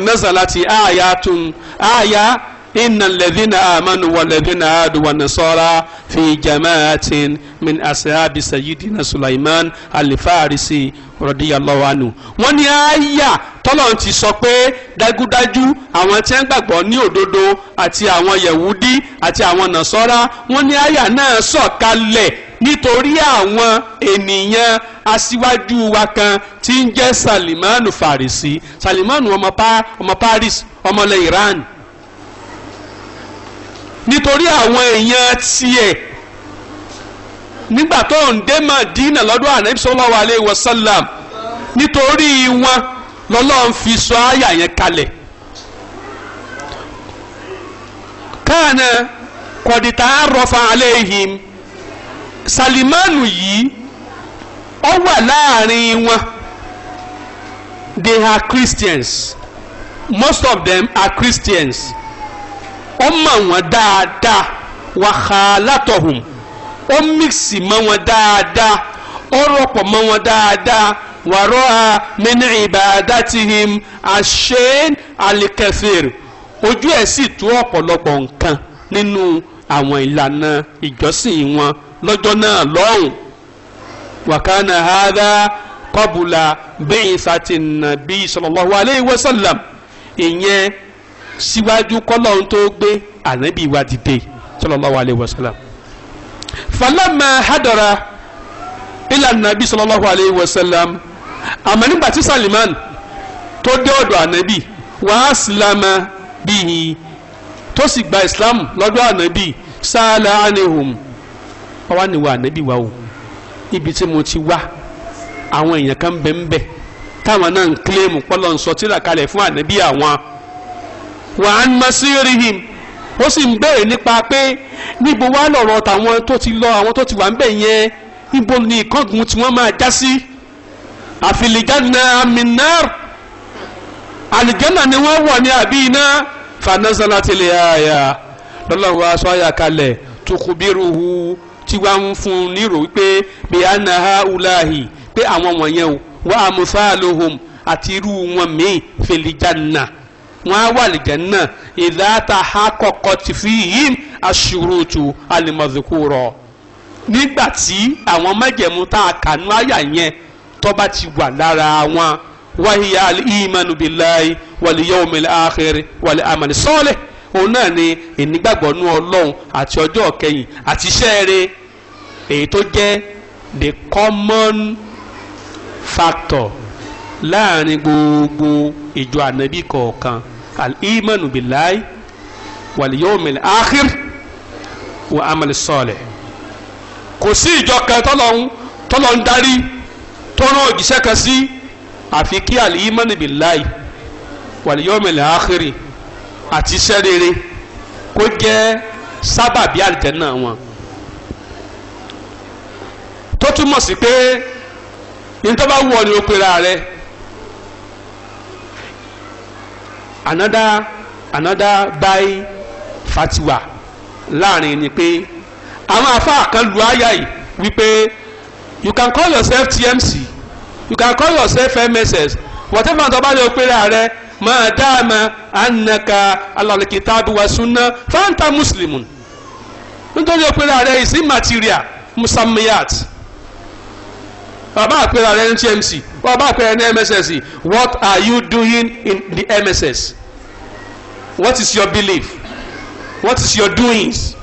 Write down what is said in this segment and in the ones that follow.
nasalati ayatun aya inna ladhina amanu wa ladhina hadu wa nasara fi jama'atin min ashabi sayyidina sulaiman alifarisi radiyallahu anhu. wọ́n ní àyà tọ́lọ̀ ti sọ pé dájúdájú àwọn tí wọ́n gbàgbọ́ ní òdodo àti àwọn yẹ̀wúdí àti àwọn nàṣọ́ra wọ́n ní àyà náà sọ̀kalẹ̀ nítorí àwọn ènìyàn aṣíwájú wa kan tí ń jẹ́ Salimanu Farisi Salimanu ọmọ pa ọmọ Paris ọmọlẹ̀ Iran nítorí àwọn èèyàn tiẹ̀ nígbà tó ń dé Madina lọ́dọ̀ Ànábì sallallahu alayhi wa sallam nítorí wọn lọ́lọ́run fi sọ àyà yẹn kalẹ̀ kana kọ̀dìtà rọ̀fà alayhim. Salimanu yìí ó wà láàrin wọn they are Christians most of them are Christians ó mọ̀ wọ́n dáadáa wàhálàtọ̀hùn ó mìsì mọ́ wọn dáadáa ó rọ̀pọ̀ mọ́ wọn dáadáa wàrọ̀ a mẹ́ni ìbàdàtìhìm àṣẹ́n àlìkẹfẹ́r ojú ẹ̀ sì tú ọ̀pọ̀lọpọ̀ nǹkan nínú àwọn ìlànà ìjọsìn wọn lọ́jọ́ náà lọ́hùn wàkánà hádà kọ́bùlà bẹ́ẹ̀ sátìnà bíi sallallahu alayhi wa sallam ìyẹn síwájú kọ́lọ́hún tó gbé ànábì wa dìde sallallahu alayhi wa sallam. falamma hadara ila nàbí sallallahu alayhi wa sallam àmọ́ nígbà tí Salman tó dé ọ̀dọ̀ ànábì wàá sílámà bíi tó sì gba Islam lọ́dọ̀ ànábì sáálà ánihùn wá ní wa ànábì wa o ibi tí mo ti wá àwọn èèyàn kan bẹ ń bẹ táwọn náà ń kílẹ̀mù pọ́lọ́ ń sọ tíra kalẹ̀ fún ànábì àwọn wà á ń mọ sí rihim ó sì ń béèrè nípa pé níbo wá lọ̀rọ̀ tàwọn tó ti lọ àwọn tó ti wà ń bẹ yẹn níbo ni ìkángun tí wọ́n máa já sí àfìlìjánná aminar àlìjánná ni wọ́n wọ̀ ní àbí iná fanazalatilẹ̀ àyà lọ́lọ́run aṣọ àyà kalẹ̀ tukubiruhu tí wàá ń fún un nírò wípé bí anna haulahi pé àwọn wọ̀nyẹn o wà á musaluhum àti irú wọn míì filijanna wọn á wà lìjánná ìdáta ha kọkọ ti fi yìí aṣurutu alimọ̀dùkúrọ̀ nígbà tí àwọn májẹ̀mú tá a kà nú àyà yẹn tó ti wà lára wọn wáyé alìmánu bíláì wàlíyàwó mẹlẹ àkẹrẹ wàlẹ àmàlẹ òun náà ni ìnígbàgbọ́ nú ọlọ́run àti ọjọ́ kẹyìn àti iṣẹ́ èyí tó jẹ́ the common factor láàrin gbogbo ìjọ ànábì kọ̀ọ̀kan al-imanu billahi wal-yawmil akhir wa amal salih kò sí ìjọ kan tọ́lọ́hún tọ́lọ́hún darí tó rán òjíṣẹ́ kan sí àfi kí al-imanu billahi wal akhir àti iṣẹ́ rere kó jẹ́ sábàbí àlìjẹ́nà wọn tó túmọ̀ sí pé nítorí wọ́n wọ ni ó pera rẹ another another buy. fatiwa láàrin ni pé àwọn afáà kan lu àyà yìí wípé you can call yourself TMC you can call yourself MSS whatever tó bá ní ó pera rẹ ma dama annaka alalikitaabi wa sunna fanta muslimun nítorí òpèrè ààrẹ is immaterial musamiyat bàbá àpèrè ààrẹ ní TMC bàbá àpèrè ní MSS what are you doing in the MSS what is your belief what is your doings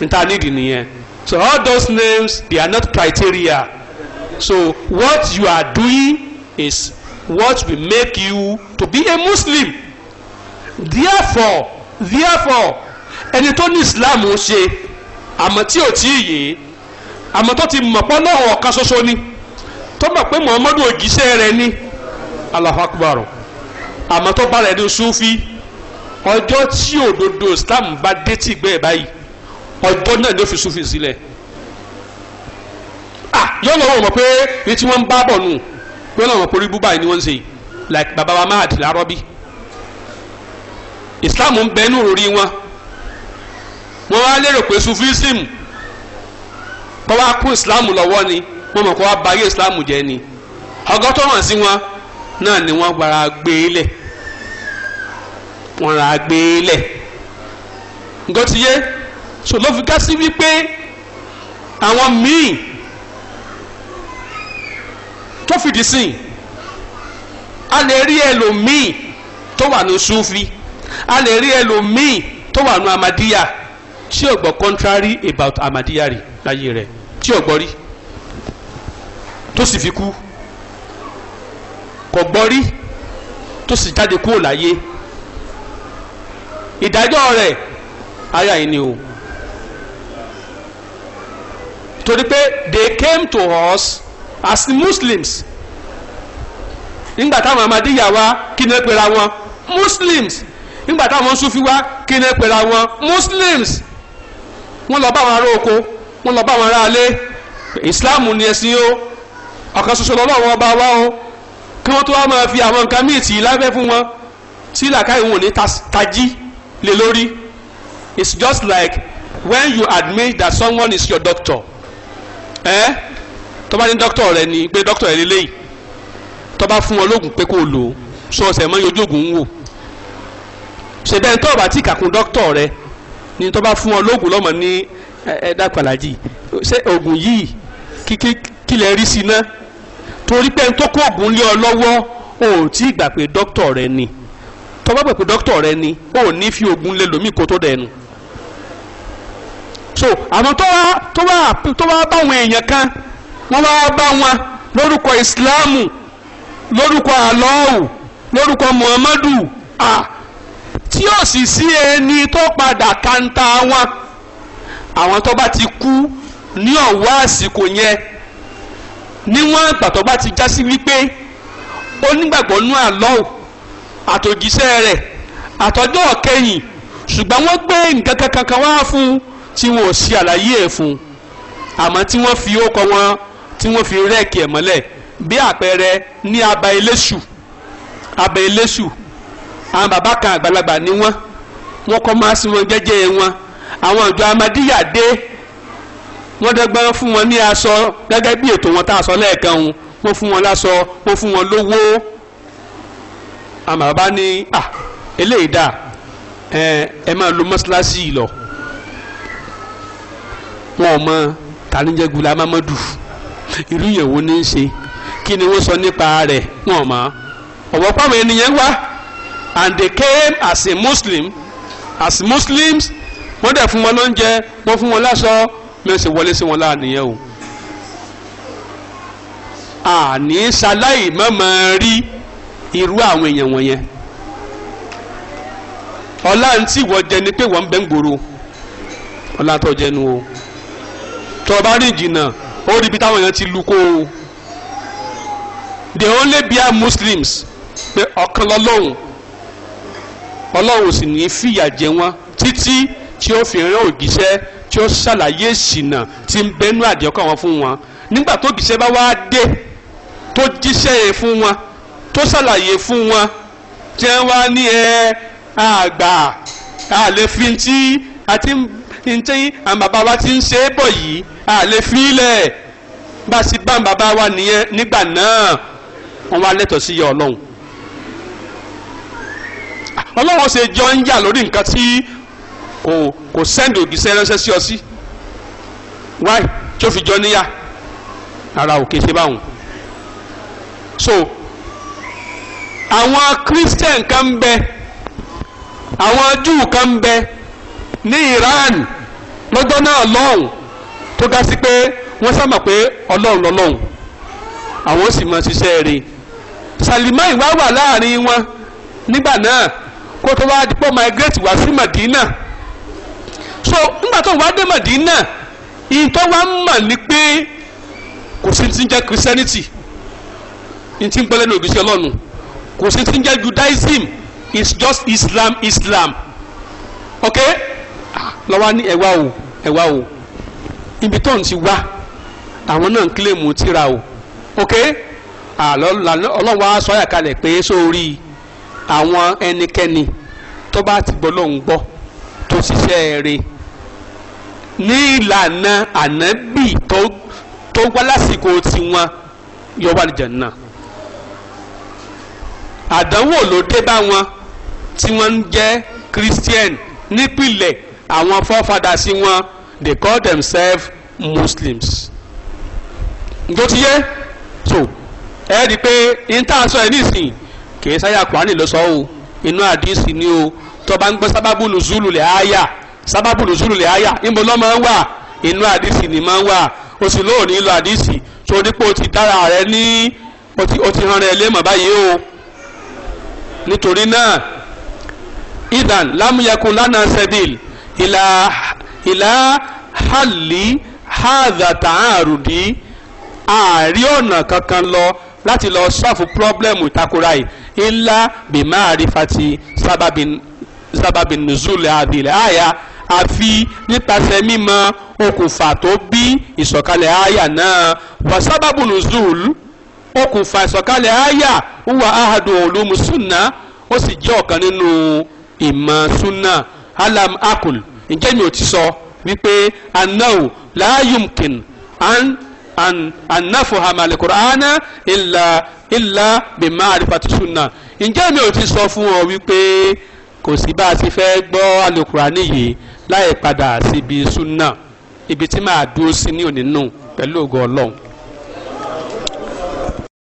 níta nídìí nìyẹn so all those names they are not criteria so what you are doing is what will make you to be a Muslim therefore therefore ẹni tó ní Islam ó ṣe àmọ́ tí ò tí ì yé àmọ́ tó ti mọ̀ pọ́n náà ọ̀kan ṣoṣo ni tó mọ̀ pé Muhammadu òjíṣẹ́ rẹ̀ ni Allahu Akbar àmọ́ tó bá rẹ̀ ní sufi ọjọ́ tí òdodo Islam bá dé tì gbẹ́ báyìí ọjọ́ náà ló fi sufi sílẹ̀ ah yọ̀ọ́ lọ́wọ́ mọ̀ pé ní tí wọ́n ń bá bọ̀ nù. pé lọ́wọ́ porí bú báyìí ni like baba wa mahad làárọ̀ bí islam ń bẹ inú orí wọn wọn wá lérò pé islam lọ́wọ́ ni wọ́n mọ̀ kọ́ wá bayé islam jẹ́ ni ọgọ́ tó sí wọn náà ni wọ́n gbé e e so fi ká sí wípé fìdí sí i a lè rí ẹlòmíì tó wà ní sufi a lè rí ẹlòmíì tó wà ní amadiya tí ò gbọ́ contrary about amadiya rí láyé rẹ̀ tí ò gbọ́ rí tó sì fi kú kò gbọ́ rí tó sì jáde kúrò láyé ìdájọ́ rẹ̀ aya yìí ni o torí pé they came to us as Muslims nígbà táwọn amadíyà wá kí ni ó pera wọn muslims nígbà táwọn sufi wá kí ni ó pera wọn muslims wọ́n lọ bá wọn ará oko wọ́n lọ bá wọn ará alé islam ni ẹ̀sìn o ọ̀kan ṣoṣo lọ́wọ́ ọba wa o kí wọ́n tó wá máa fi àwọn nǹkan míì tì í lábẹ́ fún wọn sí làkàyè wọn ò ní tají lé lórí it's just like when you admit that someone is your doctor ẹ tó ní doctor rẹ ni pé doctor rẹ lélẹ́yìí tọ́ba fún ọ lóògùn pé kó o lò ó sọ ọ̀sẹ̀ mọ́ yọjú ògùn wò ṣèbẹ́ tó o bá ti kàkún dókítọ̀ rẹ ni tọ́ba fún ọ lóògùn lọ́mọ ní ẹ̀ẹ́dá pàlàjì ṣé ògùn yìí kíkí kílẹ̀ rí sí náà torí pé tó kó ògùn lé ọ lọ́wọ́ o ò tí ì gbà pé dókítọ̀ rẹ ni tọ́ba gbà pé dókítọ̀ rẹ ni o ò ní fi ògùn lé lómi kó tó dẹnu so àwọn tó wá tó wá báwọn èèyàn kan wọ́n wá bá wọn lórúkọ ìsìláàmù lórúkọ àlọ́hù lórúkọ muhammadu a tí ó sì sí ẹni tó padà kanta wọn àwọn tó bá ti kú ní ọ̀wọ́ àsìkò yẹn níwọ̀n àgbà tó bá ti já sí wípé onígbàgbọ́ nú àlọ́hù àtòjíṣẹ́ rẹ̀ àtọ́jọ́ kẹ́yìn ṣùgbọ́n wọ́n gbé nǹkan kankan kan wá fún un tí wọn ò ṣe àlàyé ẹ̀ fún àmọ́ tí wọ́n fi ó kọ wọn tí wọ́n fi rẹ́ẹ̀kì ẹ̀ mọ́lẹ̀ bí àpẹẹrẹ ní aba eléṣù aba eléṣù àwọn bàbá kan àgbàlagbà ni wọ́n wọ́n kọ́ máa sí wọn jẹ́jẹ́ wọn àwọn ìjọ amadíyà dé wọ́n dẹ́gbọ́n fún wọn ní aṣọ gẹ́gẹ́ bí ètò wọn tá a sọ lẹ́ẹ̀kan òun wọ́n fún wọn láṣọ wọ́n fún wọn lówó àwọn bàbá ní à eléyìí dà ẹ ẹ máa lo mọ́ṣáláṣí lọ wọn ò mọ tàníjẹgùlá mamadu irú yẹn wo ní í ṣe kí ni wọ́n sọ nípa rẹ̀ wọ́n mọ̀ ọ̀wọ́ pàwọn ènìyàn wá and they came as a muslim as muslims wọ́n dẹ̀ fún wọn lóúnjẹ wọ́n fún wọn láṣọ mẹ́sìn wọlé sí wọn láàníyàn o àní ṣaláì mọ́mọ́ rí irú àwọn èèyàn wọ̀nyẹn ọlá ń tí wọ́n jẹ ni pé wọ́n ń bẹ́ ń gbòòrò ọlá tó jẹnu o tó o bá rìn jìnnà ó rí ibi táwọn èèyàn ti lu kó o. The only be muslims pé ọ̀kan lọ́lọ́hun ọlọ́hun sì ní fìyà jẹ wọ́n títí tí ó fi rán òjíṣẹ́ tí ó ṣàlàyé ìṣìnà tí ń bẹnu àdìọ́kọ̀ wọn fún wọn nígbà tó òjíṣẹ́ bá wá dé tó jíṣẹ́ yẹn fún wọn tó ṣàlàyé fún wọn tí wọ́n wá ní ẹ àgbà àlefin tí àti ntí àwọn wa ti ń ṣe é bọ̀ yìí àlefin ilẹ̀ bá a sì bá bàbá wa nìyẹn nígbà náà wọ́n wá lẹ́tọ̀ọ́ sí ìyà ọlọ́run ọlọ́run ṣe jọ ń yà lórí nǹkan tí kò kò sẹ́ndì ògìsẹ́ ránṣẹ́ sí ọ sí wáì tí ó fi jọ níyà ara òkè ṣe báwọn so àwọn christian kan ń bẹ àwọn Jew kan ń bẹ ní Iran lọ́jọ́ náà lọ́hùn tó ga sí pé wọ́n sábà pé ọlọ́run lọ́lọ́run àwọn sì máa ṣiṣẹ́ rèé. Salimai wá wà láàrin wọn nígbà náà kó tó wá dípò migrate wá sí Madina so nígbà tó wá dé Madina ìyìn tó wá ń mọ̀ ni pé kò sí ti ń jẹ́ Christianity ní ti ń pẹ́lẹ́ ní òbíṣẹ́ Ọlọ́run kò sí ti ń jẹ́ Judaism it's just Islam Islam ok ah, lọ́wọ́ ní ẹ̀wá o ẹ̀wá o ibi tó ń ti wá àwọn náà ń kílèmù tíra o ok ọlọ́run wa sọ àyàkalẹ̀ pé sórí àwọn ẹnikẹ́ni tó bá ti gbọ́ lóun gbọ́ tó ṣiṣẹ́ rẹ̀ ní ìlànà ànábì tó wá lásìkò tiwọn yóò wà ní Jánnà àdánwò ló dé bá wọn tí wọ́n ń jẹ́ Christian nípìnlẹ̀ àwọn forefathers wọn they call themselves Muslims. njó ti yẹ so ẹ rí i pé intaasọ ẹ nísìn kì í sáyà kwani ló sọ o inú àdìsí ni o tó bá ń gbọ́ sábàbù nùzúlù lè áyà sábàbù nùzúlù lè áyà níbo lọ́ máa ń wà inú àdìsí ni máa ń wà o sì lóòní lọ àdìsí tó o dípò ti dára rẹ ní o ti hàn rẹ lémọ̀ báyìí o nítorí náà idan lámúyẹkùn lánàá sẹ́bìl ìlà ila hàlì hàdà tààrùdì àárí ọ̀nà kankan lọ láti lọ ṣàfù pírọ́blẹ́mù ìtakora yìí ńlá bìmá àrífàtì sábàbí nùzúlẹ̀ àdìlẹ̀ àyà àfi nípasẹ̀ mímọ̀ okùnfà tó bí ìsọ̀kalẹ̀ àyà náà wà sábàbù nùzúl okùnfà ìsọ̀kalẹ̀ àyà wà áhàdù òlùmù súnà ó sì jẹ́ ọ̀kan nínú ìmọ̀ súnà alam akul ǹjẹ́ mi ò ti sọ wípé anáwó láàyùmkìn à ń an anafahama alukur'ana illa illa bima arifati sunna ǹjẹ́ mi ò ti sọ fún ọ wípé kò sí bá a ti fẹ́ gbọ́ alukur'ani yìí láì padà síbi sunna ibi tí màá dúró sí ní òní nù pẹ̀lú ògo ọlọ́run.